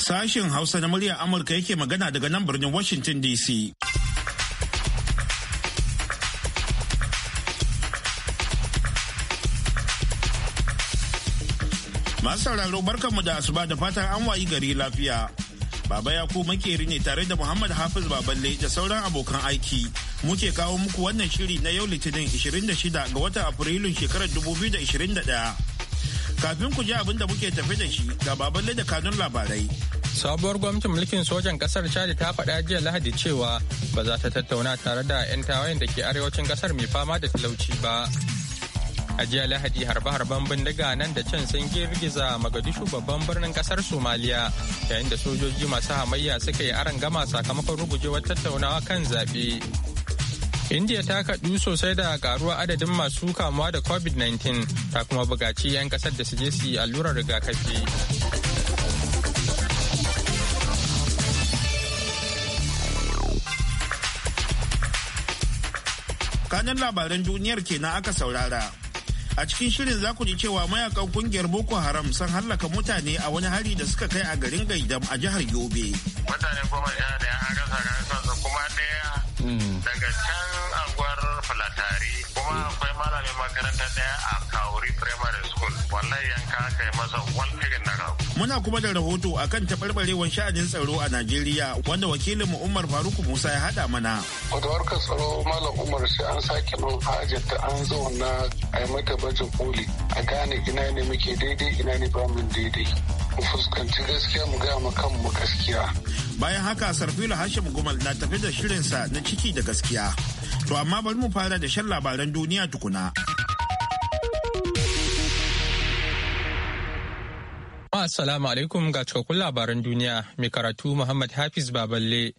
Sashen Hausa na muryar Amurka yake magana daga nan birnin Washington DC. Masu sauraro barkanmu da asuba da fatan an wayi gari lafiya. Baba ya Yaku makeri ne tare da Muhammad Hafiz Baballe da sauran abokan aiki. Muke kawo muku wannan shiri na yau Litinin 26 ga watan Afrilun shekarar 2021. Kafin ku ji abin da muke tafi da shi ga Baballe da kanun labarai. Sabuwar gwamnatin mulkin sojan kasar Chad ta faɗa jiya Lahadi cewa ba za ta tattauna tare da 'yan tawayen da ke arewacin kasar mai fama da talauci ba. a jiya lahadi harbe-harben bindiga nan da can sun girgiza magadishu babban birnin kasar somaliya yayin da sojoji masu hamayya suka yi aron gama sakamakon rugujewar tattaunawa kan zaɓe india ta kaɗu sosai da karuwa adadin masu kamuwa da covid-19 ta kuma bugaci 'yan kasar da su je su yi allurar rigakafi kanin labaran duniyar kenan aka saurara a cikin shirin za ku ji cewa mayakan kungiyar boko haram sun hallaka mutane a wani hari da suka kai a garin gaidam a jihar yobe mutane goma ya da an rasa kuma daya hmm. daga can anguwar fulatari kuma akwai malamin makaranta daya a kauri primary school wallahi ka aka yi masa wani na Muna kuma da rahoto akan taɓarɓarewar sha'anin tsaro a Najeriya wanda wakilin mu Umar Faruku Musa ya haɗa mana. ka tsaro Malam Umar shi an sake man hajar da an zauna a yi mata baje koli a gane ina ne muke daidai ina ne ba mun daidai. Mu fuskanci gaskiya mu gaya ma kanmu gaskiya. Bayan haka sarfilo Hashim Gumal na tafi da shirinsa na ciki da gaskiya. To amma bari mu fara da shan labaran duniya tukuna. Assalamu alaikum ga cikakkun labaran duniya mai karatu Muhammad Hafiz Baballe.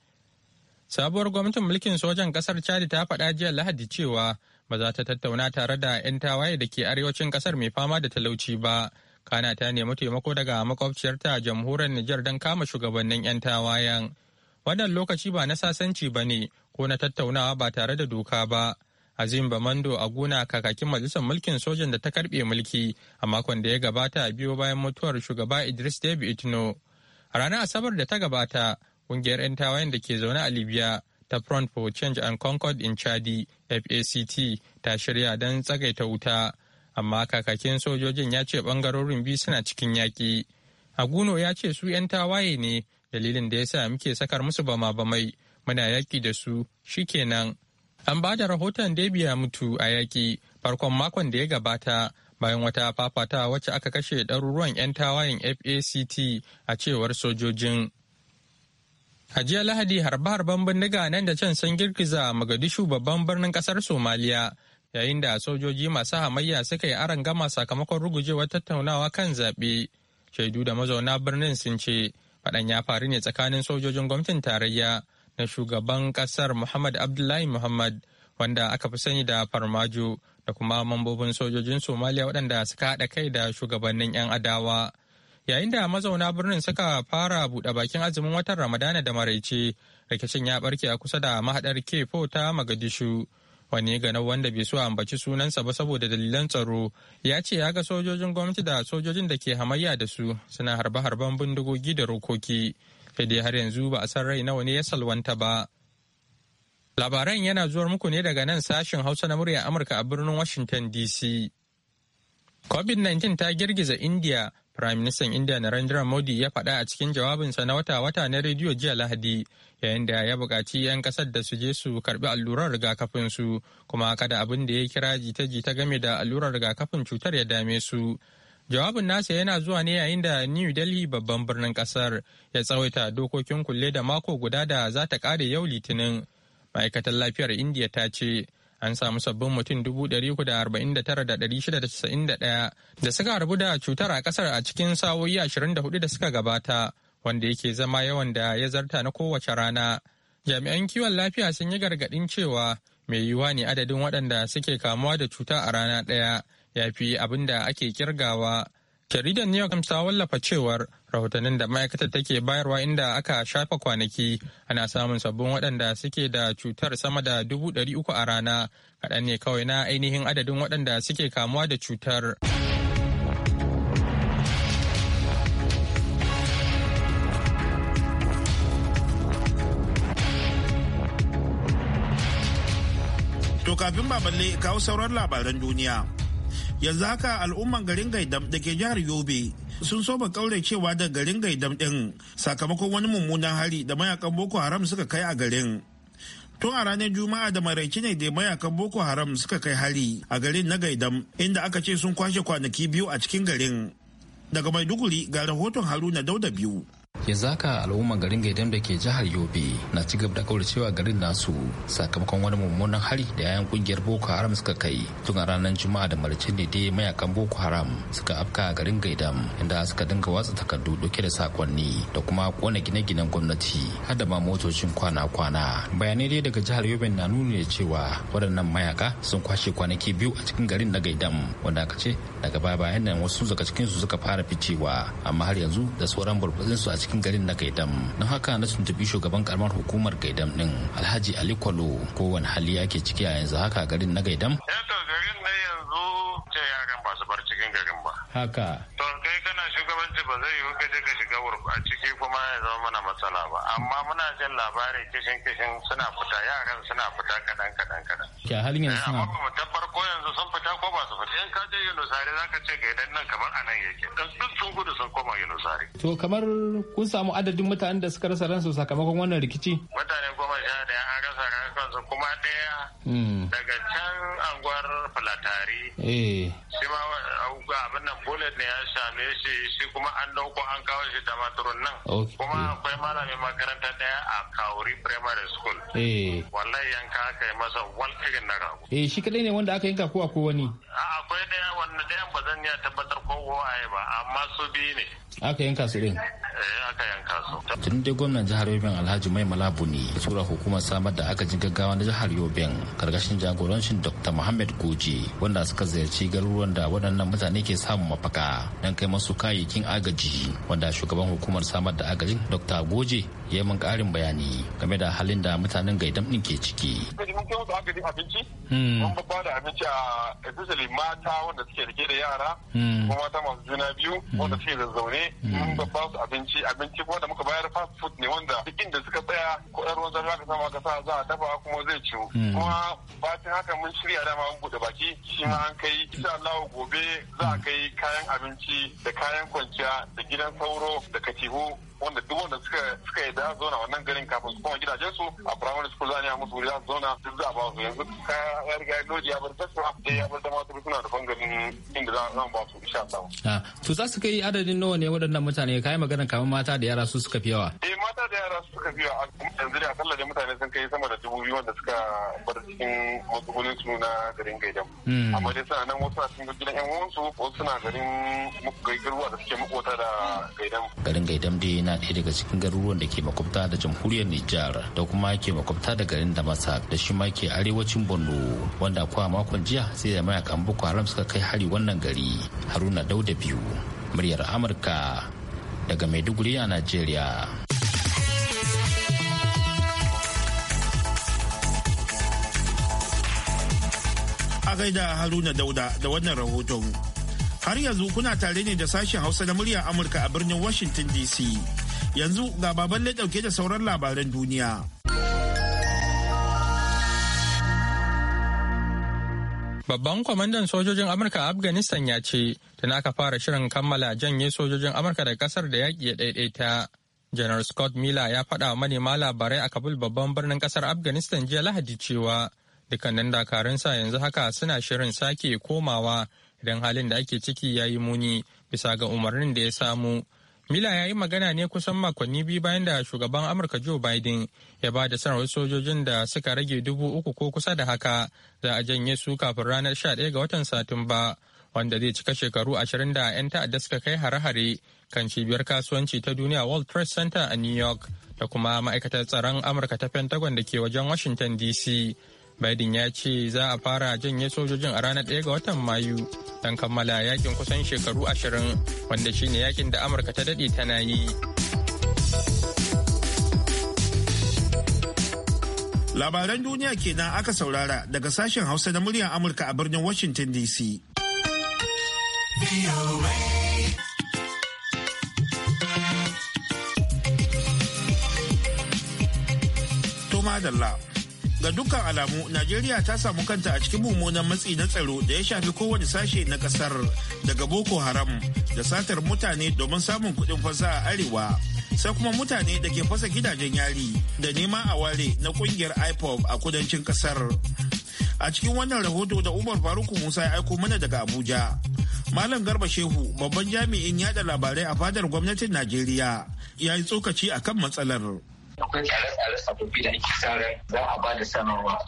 Sabuwar gwamnatin mulkin sojan kasar Chad ta faɗa jiya Lahadi cewa ba za ta tattauna tare da 'yan tawaye da ke arewacin kasar mai fama da talauci ba. Kana ta nemi taimako daga makwabciyarta jamhuriyar Nijar don kama shugabannin 'yan tawayen. Wannan lokaci ba na sasanci ba ne, ko na tattaunawa ba tare da doka ba azim bamando a aguna kakakin majalisar mulkin sojan da ta karbe mulki a makon da ya gabata biyo bayan mutuwar shugaba idris debi itno a ranar asabar da ta gabata ƙungiyar 'yan tawayen da ke zaune a libya ta front for change and concord in chadi fact ta shirya don tsagaita wuta amma kakakin sojojin ya ce bangarorin biyu suna cikin yaƙi aguno ya ce su 'yan tawaye ne dalilin da ya sa muke sakar musu bama bamai muna yaƙi da su shi shikenan an ba da rahoton debiya mutu a yaƙi farkon makon da ya gabata bayan wata fafata wacce aka kashe ɗaruruwan 'yan tawayen fact a cewar sojojin a jiya lahadi harbe-harben bindiga nan da can sun girgiza magadishu babban birnin kasar somaliya yayin da sojoji masu hamayya suka yi aron gama sakamakon rugujewar tattaunawa kan zaɓe shaidu da mazauna birnin sun ce faɗan ya faru ne tsakanin sojojin gwamnatin tarayya na shugaban kasar Muhammad Abdullahi Muhammad wanda aka fi sani da farmajo da kuma mambobin sojojin Somaliya waɗanda suka haɗa kai da shugabannin 'yan adawa. Yayin da mazauna birnin suka fara buɗe bakin azumin watan Ramadana da maraice, rikicin ya barke a kusa da mahaɗar Kefo ta Magadishu. Wani gana wanda bai so ambaci sunansa ba saboda dalilan tsaro ya ce ya ga sojojin gwamnati da sojojin da ke hamayya da su suna harbe-harben bindigogi da rokoki sai dai har yanzu ba a san rai nawa ne ya salwanta ba labaran yana zuwar muku ne daga nan sashin hausa na murya amurka a birnin washington dc covid-19 ta girgiza india prime minister india narendra modi ya faɗa a cikin jawabinsa na wata-wata na rediyo jiya lahadi yayin da ya buƙaci 'yan ƙasar da su je su karɓi allurar rigakafin su kuma kada abin da ya kira jita-jita game da allurar rigakafin cutar ya dame su Jawabin nasa yana zuwa ne yayin da New Delhi babban birnin kasar ya tsawaita dokokin kulle da mako guda da za ta kare yau litinin. Ma'aikatar lafiyar India ta ce an samu sabbin mutum 349,691 da suka rabu da cutar a kasar a cikin sa'o'i 24 da suka gabata wanda yake zama yawan da ya zarta na kowace rana. Jami'an kiwon lafiya sun yi gargaɗin cewa mai yiwuwa ne adadin waɗanda suke kamuwa da cuta a rana ɗaya ya fi abin da ake kirgawa. Jaridar New York Times ta wallafa cewar rahotannin da ma'aikatar take bayarwa inda aka shafa kwanaki ana samun sabbin waɗanda suke da cutar sama da dubu ɗari uku a rana kaɗan ne kawai na ainihin adadin waɗanda suke kamuwa da cutar. To kafin baballe kawo sauran labaran duniya. yanzu haka al'umman garin gaidam da ke jihar yobe sun soba cewa da garin gaidam din sakamakon wani mummunan hari da mayakan boko haram suka kai a garin tun a ranar juma'a da maraice ne da mayakan boko haram suka kai hari a garin na gaidam inda aka ce sun kwashe kwanaki biyu a cikin garin daga maiduguri ga rahoton haruna dauda biyu yanzu zaka al'umma garin gaidam da ke jihar yobe na ci gaba da kauracewa garin nasu sakamakon wani mummunan hari da yayan kungiyar boko haram suka kai tun a ranar juma'a da maricin ne dai mayakan boko haram suka afka a garin gaidam inda suka dinga watsa takardu dauke da sakonni da kuma kona gine-ginen gwamnati har da ma motocin kwana-kwana bayanai dai daga jihar yobe na nuni da cewa waɗannan mayaka sun kwashe kwanaki biyu a cikin garin na gaidam wanda aka ce daga baya bayan nan wasu daga cikinsu suka fara ficewa amma har yanzu da sauran burbuzinsu a cikin cikin garin na gaidam don haka na tuntubi shugaban karamar hukumar gaidam din alhaji ali kwalo kowane hali yake ciki a yanzu haka garin na gaidam eh haka to kai kana shugabanci ba zai yiwu kaje je ka shiga a ciki kuma ya zama mana matsala ba amma muna jin labarin kishin kishin suna fita yaran suna fita kadan kadan kadan ke halin yanzu eh, suna in ka je Yunusari zaka ce ga idan nan kamar anan yake dan duk sun gudu sun koma Yunusari to kamar kun samu adadin mutanen da suka rasa ransu sakamakon wannan rikici mutane goma sha daya an rasa ransu yanzu kuma ɗaya hmm. daga can anguwar filatari eh. shi ma abin nan bullet ne ya same shi shi kuma an dauko an kawo shi da maturun nan kuma akwai malamin makaranta ɗaya a kawuri primary school eh. wallahi yanka aka yi masa wal na rago eh shi kadai ne wanda aka yanka ko akwai wani akwai ɗaya wanda ɗayan ba zan iya tabbatar ko waye ba amma su biyu ne aka yanka su din eh, aka yanka su tun dai gwamnan jihar Yobin Alhaji maimala Buni sura hukumar samar da agajin gaggawa gaggawa na jihar yobin karkashin jagorancin dr muhammad goji wanda suka ziyarci garuruwan da waɗannan mutane ke samun mafaka don kai masu kayayyakin agaji wanda shugaban hukumar samar da agajin dr goje ya yi min ƙarin bayani game da halin da mutanen gaidam ɗin ke ciki. Mun hmm. ba abinci a mata wanda da yara ko mata wanda suke ba muka bayar fast food ne wanda duk inda suka tsaya ko ɗan ruwan zarra ka sama ka sa za a dafa kuma zai ciwo hmm. kuma bacin haka mun shirya dama mun buɗe baki shi ma an kai isa Allah gobe za a kai kayan abinci da kayan kwanciya da gidan sauro da katihu wanda duk wanda suka suka yi da zona wannan garin kafin su koma gidajen su a primary school za a musu wuri za su duk za a ba su yanzu ka ya riga ya loji ya bar taswa da ya bar dama su suna da bangarin inda za a ba su insha Allah. to za su kai adadin nawa ne waɗannan mutane yi magana kamar mata da yara su suka fi yawa. eh mata da yara su suka fi yawa yanzu da akalla da mutane sun kai sama da dubu biyu wanda suka bar cikin matsugunin su na garin gaidan. amma dai suna nan wasu a cikin gidan yan uwansu wasu suna garin garuwa da suke makota da gaidan. garin gaidan dai na yana ɗaya daga cikin garuruwan da ke makwabta da jamhuriyar Nijar da kuma ke makwabta da garin Damasak da shi ma ke arewacin Borno wanda kuwa makon jiya sai da mayakan Boko Haram suka kai hari wannan gari Haruna Dauda biyu muryar Amurka daga Maiduguri a Najeriya. A gaida Haruna Dauda da wannan rahoton. Har yanzu kuna tare ne da sashen Hausa da murya Amurka a birnin Washington DC. Yanzu ga baban dauke da sauran labaran duniya. Babban kwamandan sojojin Amurka a Afghanistan ya ce, tana aka fara shirin kammala janye sojojin Amurka daga kasar da yaƙi ya ɗaiɗaita. General Scott Miller ya faɗa wa manema labarai a Kabul babban birnin kasar Afghanistan jiya Lahadi cewa dukkanin dakarunsa yanzu haka suna shirin sake komawa idan halin da ake ciki ya yi muni bisa ga umarnin da ya samu Mila ya yi magana ne kusan makonni biyu bayan da shugaban Amurka Joe Biden ya ba da sanarwar sojojin da suka rage dubu uku ko kusa da haka za a janye su kafin ranar 11 ga watan Satumba wanda zai cika shekaru 20 da 'yan ta'adda suka kai hare-hare kan cibiyar kasuwanci ta duniya World Trade Center a New York da kuma ma'aikatar tsaron Amurka ta Pentagon da ke wajen Washington DC. Biden ya ce za a fara janye sojojin a ranar 1 ga watan Mayu don kammala yakin kusan shekaru ashirin wanda shine yakin da Amurka ta daɗe tana yi. Labaran duniya kenan aka saurara daga sashen Hausa na muryar Amurka a birnin Washington DC. da madalla. ga dukkan alamu najeriya ta samu kanta a cikin mummunan matsi na tsaro da ya shafi kowane sashe na kasar daga boko haram da satar mutane domin samun kudin fasa a arewa sai kuma mutane da ke fasa gidajen yari da nema a ware na kungiyar ipob a kudancin kasar a cikin wannan rahoto da umar faruku musa ya aiko mana daga abuja malam garba shehu babban jami'in yada labarai a fadar gwamnatin najeriya ya yi tsokaci akan matsalar akwai tsare-tsare sababbi da ake sa za a ba da sanarwa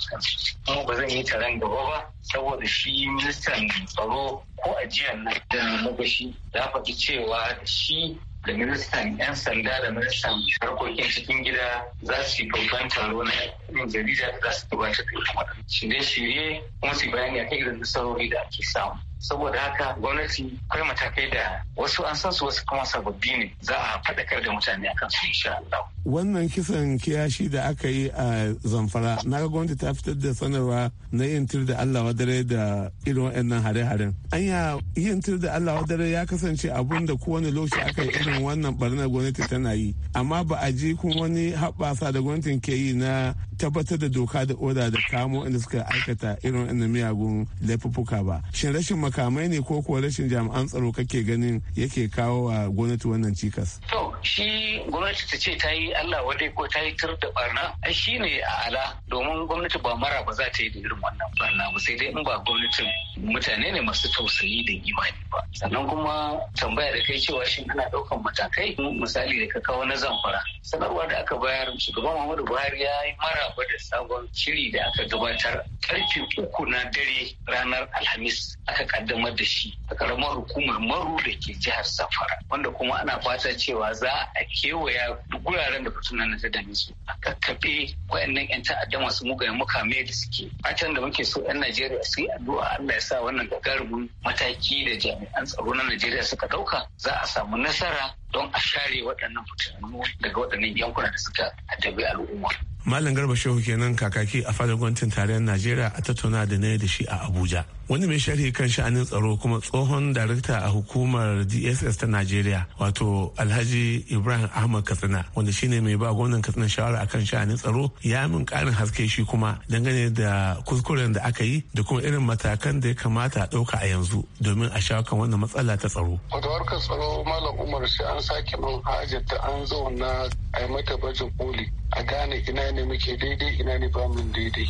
kuma ba zan yi taron gaba ba saboda shi ministan tsaro ko ajiyar na da magashi ya faɗi cewa shi da ministan 'yan sanda da ministan harkokin cikin gida za su yi babban taro na yan jarida za su gabatar da shirye-shirye kuma su bayani akan irin nasarori da ake samu. saboda haka gwamnati akwai matakai da wasu an san su wasu kuma sababbi ne za a faɗakar da mutane akan su insha Allah. Wannan kisan kiyashi da aka yi a Zamfara na ga gwamnati ta fitar da sanarwa na yin tir da Allah wadare da irin waɗannan hare-haren. Anya yin tir da Allah wadare ya kasance abun da kowane lokaci aka yi irin wannan barnar gwamnati tana yi amma ba a ji kuma wani haɓasa da gwamnatin ke yi na tabbatar da doka da oda da kamo inda suka aikata irin waɗannan miyagun laifuffuka ba. Shin rashin makamai ne ko kuwa rashin jami'an tsaro kake ganin yake kawo wa gwamnati wannan cikas to shi gwamnati ta ce ta yi allah wadai ko ta yi tur da barna ai shi ne a ala domin gwamnati ba mara ba za ta yi da irin wannan barna ba sai dai in ba gwamnatin mutane ne masu tausayi da imani ba sannan kuma tambaya da kai cewa shin ana ɗaukan matakai misali da ka kawo na zamfara sanarwa da aka bayar shugaban muhammadu buhari ya yi maraba da sabon shiri da aka gabatar karfe uku na dare ranar alhamis aka kaddamar da shi a karamar hukumar maru da ke jihar safara wanda kuma ana fata cewa za a kewaya guraren da fitunan na da su a kakkaɓe wayannan 'yan ta'adda masu mugayen mukame da suke fatan da muke so 'yan Najeriya su yi addu'a Allah ya sa wannan gagarumin mataki da jami'an tsaro na Najeriya suka ɗauka za a samu nasara don a share waɗannan fitanu daga waɗannan yankunan da suka addabi al'umma. Malam Garba Shehu kenan kakaki a fadar gwamnatin tarayyar Najeriya a tattauna da na da shi a Abuja. Wani mai sharhi kan sha'anin tsaro kuma tsohon darakta a hukumar DSS ta Najeriya wato Alhaji Ibrahim Ahmad Katsina wanda shine mai ba gwamnan Katsina shawara akan sha'anin tsaro ya min karin haske shi kuma dangane da kuskuren da aka yi da kuma irin matakan da ya kamata a ɗauka a yanzu domin a shawo kan wannan matsala ta tsaro. Wato tsaro Malam Umar sai an sake min ta an zauna a yi mata bajin koli. a gane ina ne muke daidai ina ne ba daidai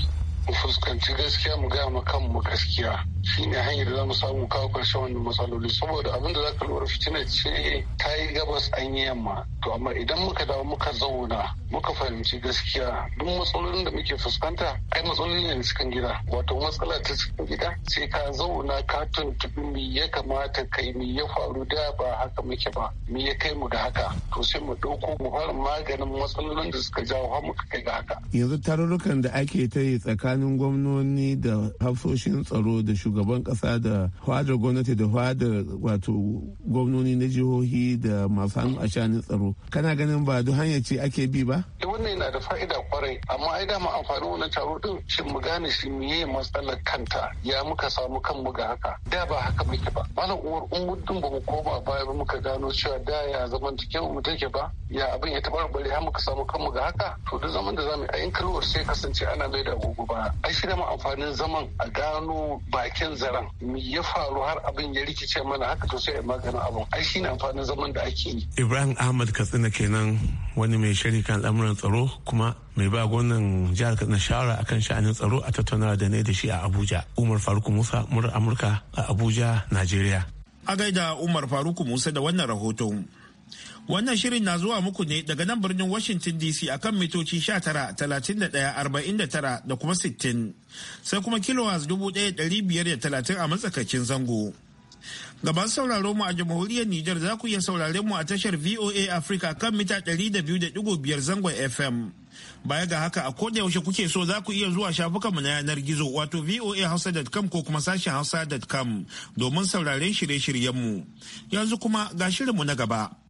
mu fuskanci gaskiya mu gaya ma mu gaskiya shine hanyar da za mu samu kawo ƙarshen wannan matsaloli saboda abin da za ka lura fitina ce ta yi gabas an yi yamma to amma idan muka dawo muka zauna muka fahimci gaskiya duk matsalolin da muke fuskanta ai matsaloli ne cikin gida wato matsala ta cikin gida sai ka zauna ka tuntubi me ya kamata kai me ya faru da ba haka muke ba me ya kai mu ga haka to sai mu ɗauko mu fara maganin matsalolin da suka jawo har muka kai ga haka yanzu tarurrukan da ake ta yi tsakanin tsakanin gwamnoni da hafsoshin tsaro da shugaban kasa da fadar gwamnati da fadar wato gwamnoni na jihohi da masu hannu a shanin tsaro kana ganin ba duk hanya ce ake bi ba eh, wannan yana da fa'ida kwarai amma ai dama amfani wannan taro din shin mu gane shi yi matsalar kanta ya muka samu kanmu ga haka da ba haka muke ba malam uwar umudin ba mu koma baya ba muka gano cewa da ya zaman cikin mu take ba ya abin ya taɓa har muka samu kanmu ga haka to duk zaman da zamu yi a kalwar sai kasance ana mai da agogo ba a da amfanin zaman a gano bakin zaren me ya faru har abin ya rikice mana haka to sai maganin abin aishi ne amfanin zaman da ake yi ibrahim ahmad katsina kenan wani mai shiri kan al'amuran tsaro kuma mai ba gwamnan jihar katsina shawara akan sha'anin tsaro a tattaunawa da ne da shi a abuja umar faruk musa murar amurka a abuja najeriya a gaida umar faruk musa da wannan rahoton Wannan shirin na zuwa muku ne daga nan birnin Washington DC akan mitoci 19, da kuma 60. Sai kuma kilowatts 1530 a matsakaicin zango. Gaban sauraro mu a jamhuriyar Nijar za ku iya saurare mu a tashar VOA Africa kan mita 200.5 zangon FM. Baya ga haka a koda yaushe kuke so za ku iya zuwa shafukanmu na yanar gizo wato voahausa.com ko kuma sashen hausa.com domin sauraren shirye-shiryenmu. Yanzu kuma ga shirinmu na gaba.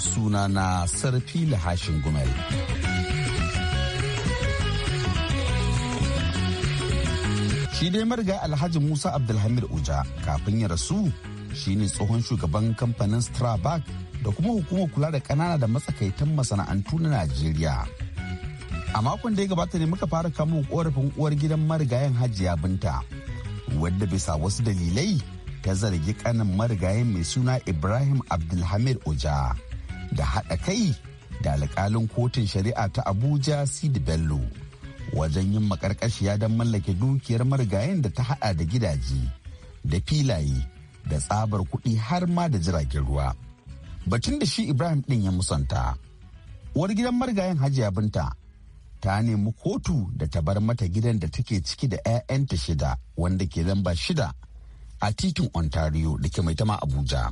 suna na sarfi lahashin gumel. Shi dai marga Alhaji Musa Abdulhamid Uja kafin ya rasu shi ne tsohon shugaban kamfanin Strabag da kuma hukumar kula da ƙanana da matsakaitan masana'antu na Najeriya. A makon da ya gabata ne muka fara kamo korafin uwar gidan marigayen hajiya binta, wadda bisa wasu dalilai ta zargi kanin marigayen mai suna Ibrahim Abdulhamid Oja. da haɗa kai da alƙalin kotun shari'a ta abuja sidi bello wajen yin maƙarƙashiya don mallake dukiyar marigayen da ta haɗa da gidaje da filaye da tsabar kuɗi har ma da jiragen ruwa batun da shi ibrahim ɗin ya musanta uwar gidan marigayen hajiya binta ta nemi kotu da ta bar mata gidan da take ciki da 'ya'yanta shida wanda ke lamba shida a titin ontario da ke maitama abuja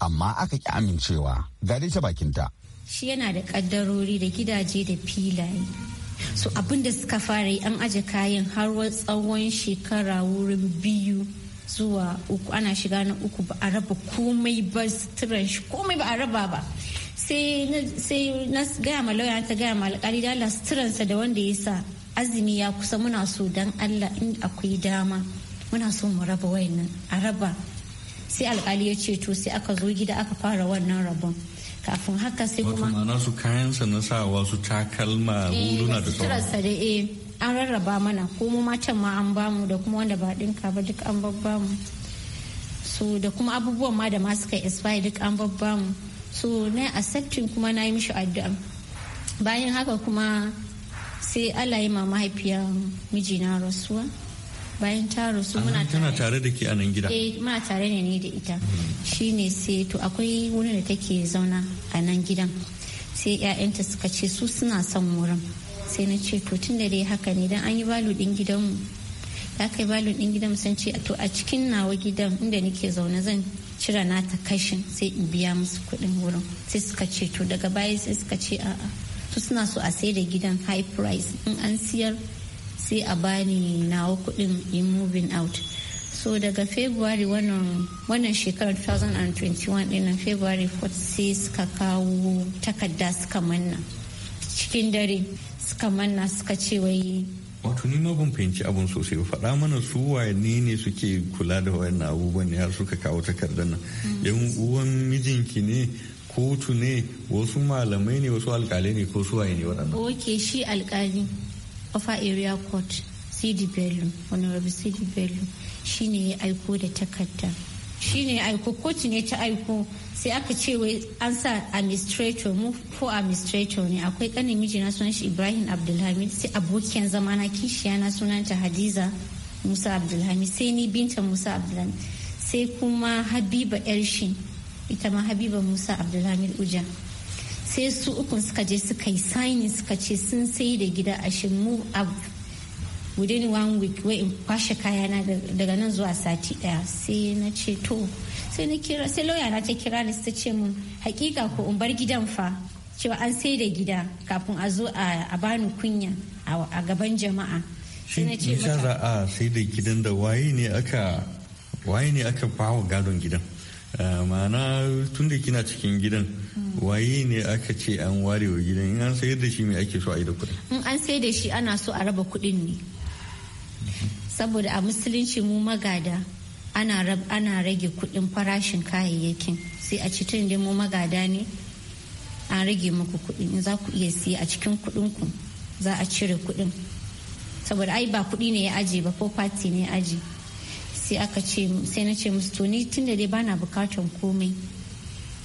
amma aka ki amincewa gare ta bakinta. Shi yana da ƙaddarori da gidaje da filaye. So abin da suka fara yi an aje kayan har tsawon shekara wurin biyu zuwa uku ana shiga na uku ba a raba komai ba suturan shi komai ba a raba ba. Sai na gaya ma lauya ta gaya ma alƙali da Allah suturansa da wanda ya sa azumi ya kusa muna so dan Allah in akwai dama muna so mu raba wayannan a raba sai alkali ya ce to sai aka zo gida aka fara wannan rabon kafin haka sai kuma wato mana su kayansa na sawa su takalma huluna eh, da da eh, an rarraba mana ko mu matan ma an bamu da kuma wanda ba dinka ba duk an mu so da kuma abubuwan ma da ma suka expire duk an mu so na accepting kuma na yi mishi addu'a bayan haka kuma sai Allah ya ma miji mijina rasuwa bayan ta rasu muna tana tare da ke a gida eh muna tare ne ni da ita mm. shine sai to akwai wani da take zauna a nan gidan sai ƴaƴanta suka ce su suna son wurin sai na ce to tun da dai haka ne dan an yi balu din gidanmu da aka balu din gidan sun ce to a cikin nawa gidan inda nake zaune zan cire nata kashin sai in biya musu kuɗin wurin sai suka ce to daga baya sai suka ce a'a su suna so a sai da gidan high price in an siyar sai a bani nawa kudin in moving out so daga february wannan shekarar 2021 dinnan february 4 sai suka kawo takarda suka manna cikin dare suka manna suka ce wai wato ni ban fahimci abun sosai ba faɗa mana su waye ne suke kula da wayannan abubuwan ne har suka kawo takardar nan mm. yan uwan mijinki ne kotu ne wasu malamai ne wasu alkalai ne ko su waye ne waɗannan ok shi alkali Ofa Area Court Sidi Bello, Honorable Sidi Bello shi ne ya aiko da takarda. Shi ne aiko kotu ne ta aiko sai aka ce wai an sa administrator mu ko administrator ne akwai kanin mijina sunan shi Ibrahim Abdulhamid sai abokiyan zamana kishiya na sunanta Hadiza Musa Abdulhamid sai ni binta Musa Abdulhamid sai kuma Habiba Elshin ita ma Habiba Musa Abdulhamid Uja. sai su ukun suka je suka yi sani suka ce sun sai da gida a mu up within one week wai in kwashe kayana daga nan zuwa sati daya sai na ce to sai na kira sai lauya na ta kira ni ta ce mun hakika ko in bar gidan fa cewa an sai da gida kafin a zo a bani kunya a gaban jama'a sai na ce sai da gidan da waye ne aka waye ne aka bawa gadon gidan eh, ma'ana tun da kina cikin gidan waye ne aka ce an ware wa gidan in an sayar da shi mai ake so a yi da kuɗin in an sayar da shi ana so a raba kuɗin ne saboda a musulunci mu magada ana rage kuɗin farashin kayayyakin sai a cikin da mu magada ne an rage muku kuɗin za ku iya siya a cikin kuɗin ku za a cire kuɗin saboda ai ba kuɗi ne ya aje ba ko fati ne ya aje sai aka ce sai na ce musu to ni tun da dai bana bukatan komai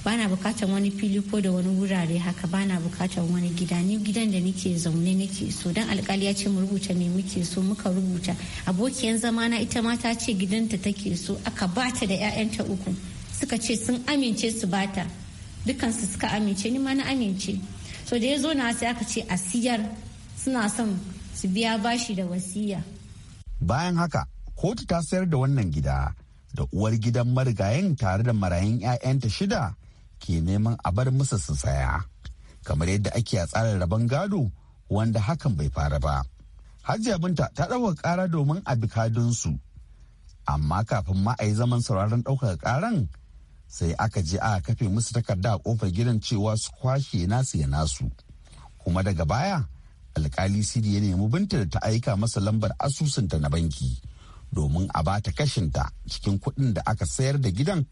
bana bukatar wani fili ko da wani wurare haka bana bukatar wani gida ni gidan da nake zaune nake so dan alkali ya ce mu rubuta me muke so muka rubuta abokiyan zamana ita ma ta ce gidanta take so aka bata da 'ya'yanta uku suka ce sun amince su bata dukansu suka amince ni ma na amince so da ya zo na sai aka ce a siyar suna son su biya bashi da wasiya bayan haka kotu ta sayar da wannan gida da uwar gidan marigayen tare da marayun 'ya'yanta shida ke neman a bar musu su saya kamar yadda ake a tsarin rabon gado wanda hakan bai fara ba hajiya binta ta ɗauka ƙara domin a bi bikadinsu amma kafin ma a yi zaman sauraron ɗaukar ƙaran sai aka je a kafe musu takarda a kofar gidan cewa su kwashe nasu ya nasu kuma daga baya alkali sidi ya nemi binta da ta aika masa lambar asusunta na banki domin a bata kashinta cikin kuɗin da aka sayar da gidan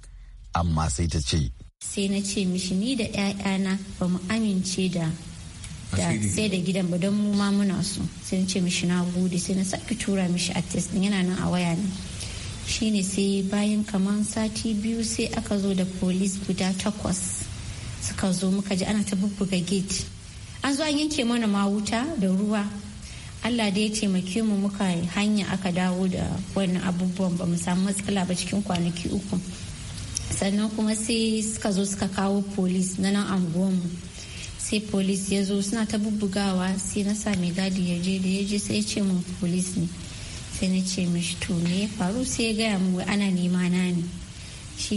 amma sai ta ce sai na ce mishi ni da 'ya'yana ba mu amince da sai da gidan ba don mu ma muna su. sai na ce mishi na gode sai na sake tura mishi a test yana nan a waya ne shine sai bayan kamar sati biyu sai aka zo da polis guda takwas suka zo muka ji ana ta bubbuga gate an zo an yanke mana ma wuta da ruwa Allah da ya taimake mu muka hanya aka dawo da wannan abubuwan ba mu samu matsala ba cikin kwanaki uku sannan kuma sai suka zo suka kawo polis na nan anguwanmu sai polis ya zo suna ta bubbugawa sai na sami gadi ya je da ya je sai ya ce mun polis ne sai na ce mishi to me ya faru sai ya gaya mu ana nema na ne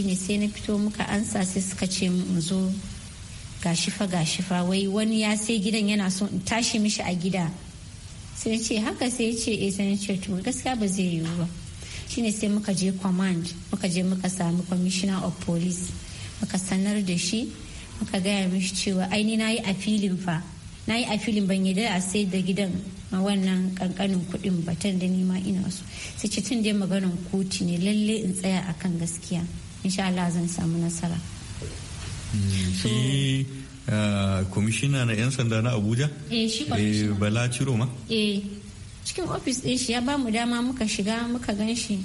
ne sai na fito muka ansa sai suka ce mu zo gashifa-gashifa wai wani ya sai gidan yana so in tashi mishi a gida sai ce haka sai ya ce eh sai ce to gaskiya ba zai yiwu ba shine sai muka je command muka je muka sami commissioner of police muka sanar da shi muka gaya mishi cewa aini na yi a filin fa na yi a filin ban yi a sai da gidan a wannan kankanin kudin batan da nima ina wasu sai ce tun dai maganin kotu ne lalle in tsaya a kan gaskiya insha Allah zan samu nasara hmm, shi kwamishina eh, na 'yan sanda na abuja eh, eh, bala ciro eh cikin ofis ɗin shi ya ba mu dama muka shiga muka gan shi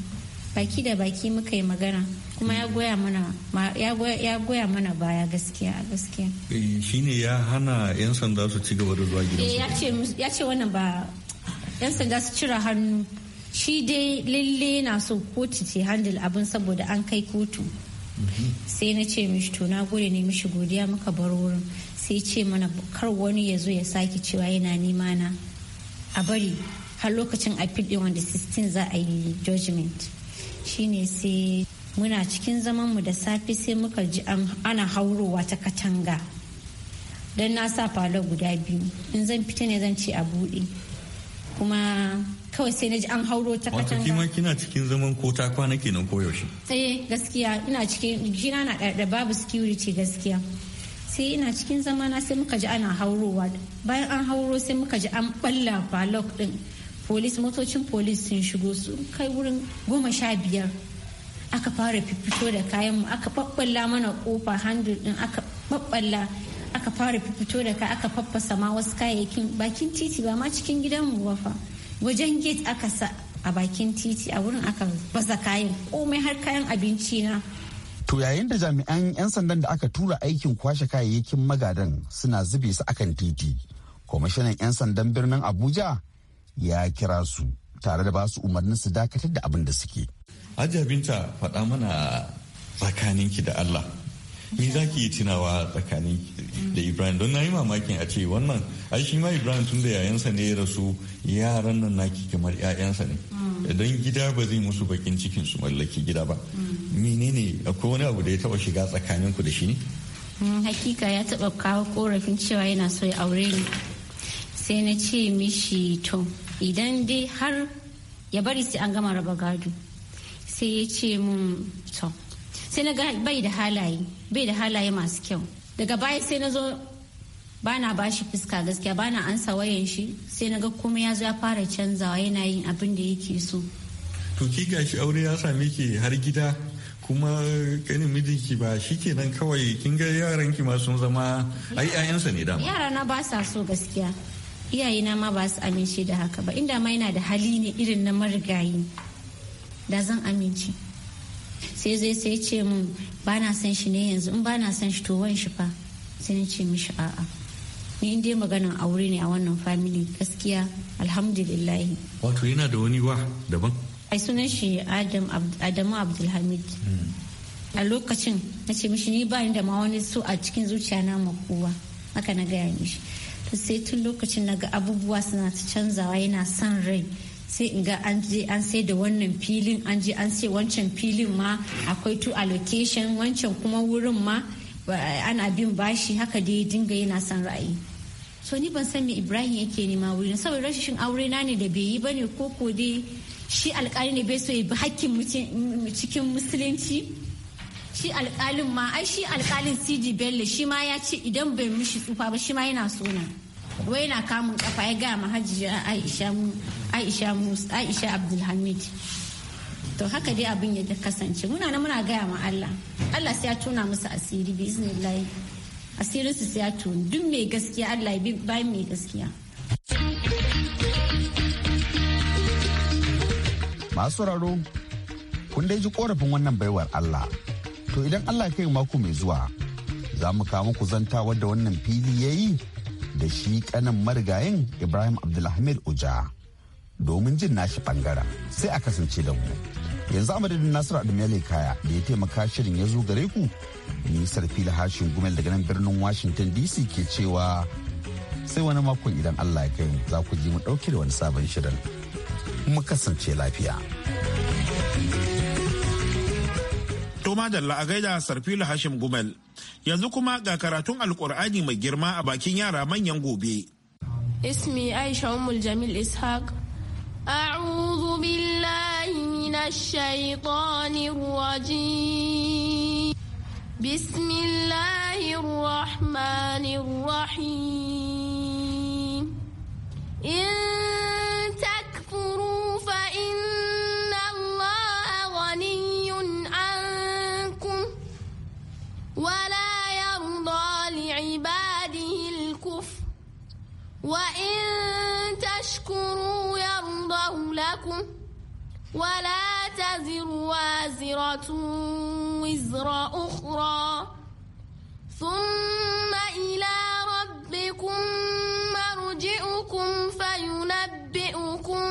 baki da baki muka yi magana kuma ya goya mana ya goya mana baya gaskiya a gaskiya eh, ne ya hana yan sanda su ci gaba da zuwa gidan eh, ya ce wannan ba yan sanda su cira hannu shi dai lalle na so kotu ce handle abin saboda an kai kotu mhm. sai na ce mishi to na gode ne mishi godiya muka bar wurin sai ce mana kar wani ya zo ya sake cewa yana nema na a bari har lokacin appeal din wanda 16 za a yi judgment shine sai muna cikin zaman mu da safe sai muka ji ana haurowa ta katanga don na sa falo guda biyu in zan fita ne zan ce a buɗe kuma kawai sai na ji an hauro ta katanga wato kima kina cikin zaman ko ta kwana kenan ko yaushe eh gaskiya ina cikin jina na da babu security gaskiya sai ina cikin zamana sai muka ji ana haurowa bayan an hauro sai muka ji an balla falok din polis motocin polis sun shigo su kai wurin goma sha biyar aka fara fito da kayan aka babbala mana kofa handle din aka babbala aka fara fito da kai aka faffasa ma wasu kayayyakin bakin titi ba ma cikin gidanmu ba fa wajen gate aka sa a bakin titi a wurin aka baza kayan komai har kayan abinci na To yayin da jami'an 'yan sandan da aka tura aikin kwashe kayayyakin magadan suna zube su akan titi. Kwamishinan 'yan sandan birnin Abuja ya kira su tare da ba su umarnin su dakatar da abin da suke. Ajabinta faɗa mana tsakaninki da Allah. ni za ki yi tunawa tsakanin da Ibrahim don na yi mamakin a ce wannan ai shi ma Ibrahim tun da yayansa ne ya rasu yaran nan naki kamar yayansa ne. Don gida ba zai musu bakin cikin su mallaki gida ba. Menene akwai wani abu da ya taba shiga tsakanin ku da shi ne? Mm, hakika ya taba kawo korafin cewa yana so ya aure ni. Sai na ce mishi to idan dai har ya bari sai an gama raba gado sai ya ce mun to sai na ga bai da halaye bai da halaye masu kyau daga baya sai na zo ba na ba fuska gaskiya ba na ansa wayan shi sai na ga komai ya zo ya fara canzawa yana yin abin da yake so to ki gashi aure ya same ki har gida kuma ganin mijinki ba shi kenan kawai kin ga yaran ki ma zama ai ayansa ne dama yara na ba sa so gaskiya iyayena ma ba su amince da haka ba inda ma yana da hali ne irin na marigayi da zan amince sai zai sai ce mun ba na son shi ne yanzu in ba na son shi to wan shi fa sai na ce mishi a'a ni inda maganin maganan aure ne a wannan family gaskiya alhamdulillahi wato yana da wani wa daban ai sunan shi adam adamu abdulhamid hmm. a lokacin na ce mishi ni ba ni da ma wani so a cikin zuciya na kowa haka na gaya mishi sai tun lokacin na ga abubuwa suna ta canzawa yana son rai sai in ga an je an sai da wannan filin an je an sai wancan filin ma akwai tu allocation wancan kuma wurin ma ana bin bashi haka dai dinga yana san ra'ayi so ni ban san me ibrahim yake nema wuri na saboda rashin aure na ne da bai yi bane ko ko dai shi alkali ne bai so ya bi hakkin cikin musulunci shi alkalin ma ai shi alkalin cd bello shi ma ya ce idan bai mishi tsufa ba shi ma yana sona wai yana kamun kafa ya gaya ma hajjiya aisha aisha aisha abdulhamid to haka dai abin ya kasance muna na muna gaya ma allah allah sai ya tuna musu asiri bismillah asirin su sai ya duk mai gaskiya allah ya bi bayan mai gaskiya masu sauraro kun dai ji korafin wannan baiwar allah to idan allah kai mako mai zuwa za mu kawo muku zantawa da wannan fili ya yi da shi kanan marigayin ibrahim abdulhamid oja domin jin nashi bangaren sai a kasance da mu yanzu amadadin da nasiru adamiyalai kaya da ya taimaka shirin ya zo gare ku nisar fili hashin gumel daga nan birnin washington dc ke cewa sai wani makon idan allah ya kai za ku ji mu dauke da wani sabon shirin mu kasance lafiya. To madalla a gaida Sarfilu Hashim Gumel. Yanzu kuma ga karatun Alkur'ani mai girma a bakin yara manyan gobe. Ismi Aisha umul Jamil Ishaq. a'udhu na minash الشيطان الرجيم بسم in وإن تشكروا يرضه لكم ولا تزر وازرة وزر أخرى ثم إلى ربكم مرجعكم فينبئكم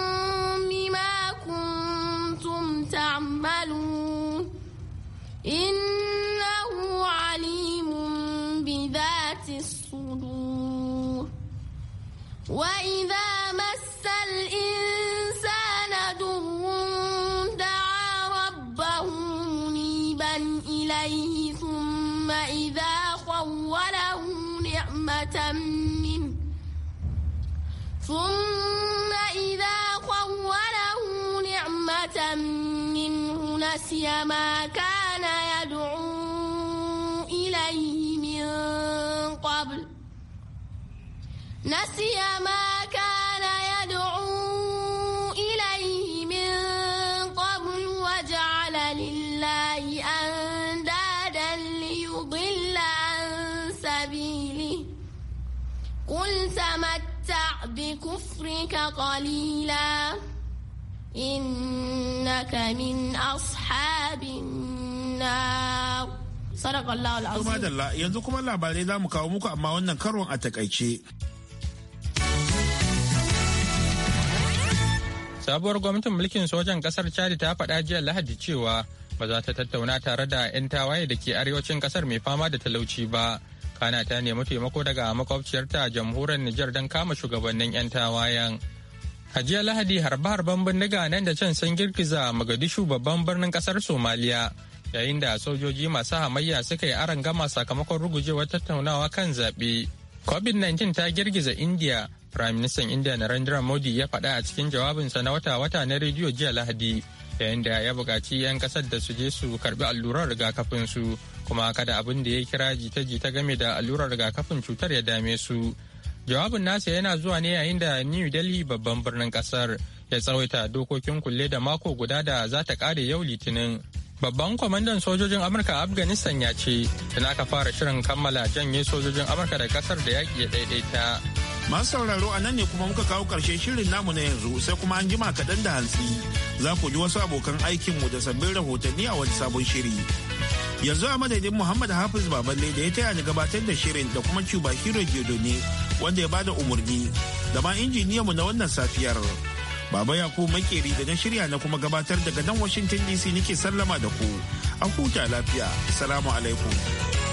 بما كنتم تعملون إن نسي ما كان يدعو إليه من قبل نسي ما كان يدعو إليه من قبل وجعل لله أندادا ليضل عن سبيله قل تمتع بكفرك قليلاً innaka min ashabin nar sadakallahu alazim yanzu kuma labarai za mu kawo muku amma wannan karon a takaice sabuwar gwamnatin mulkin sojan kasar chad ta faɗa jiya lahadi cewa ba za ta tattauna tare da 'yan tawaye da ke arewacin kasar mai fama da talauci ba kana ta nemi taimako daga makwabciyarta jamhuriyar nijar don kama shugabannin 'yan tawayen A jiya Lahadi harbe-harben bindiga nan da can san girgiza Magadishu babban birnin kasar Somaliya yayin da sojoji masu hamayya suka yi aron gama sakamakon rugujewar tattaunawa kan zaɓe. COVID-19 ta girgiza India, Prime Minister India Narendra Modi ya faɗa a cikin jawabinsa na wata-wata na rediyo jiya Lahadi yayin da ya buƙaci 'yan ƙasar da su je su karɓi allurar rigakafin su kuma kada abin da ya kira jita-jita game da allurar rigakafin cutar ya dame su. Jawabin nasa yana zuwa ne yayin da New Delhi babban birnin kasar ya tsawaita dokokin kulle da mako guda da za ta kare yau litinin. Babban kwamandan sojojin Amurka a Afghanistan ya ce, tana aka fara shirin kammala janye sojojin Amurka da kasar da yaƙi ya daidaita. Masu sauraro a nan ne kuma muka kawo ƙarshen shirin namu na yanzu sai kuma an jima kaɗan da hantsi. Za ku ji wasu abokan aikinmu da sabbin rahotanni a wani sabon shiri. yanzu a madadin muhammad hafiz baballe da ya taya ni gabatar da shirin da kuma cuba hero ne wanda ya bada umarni da ma injiniyanmu na wannan safiyar baba yaku makeri da na shirya na kuma gabatar daga nan washington dc nake sallama da ku an huta lafiya salamu alaikum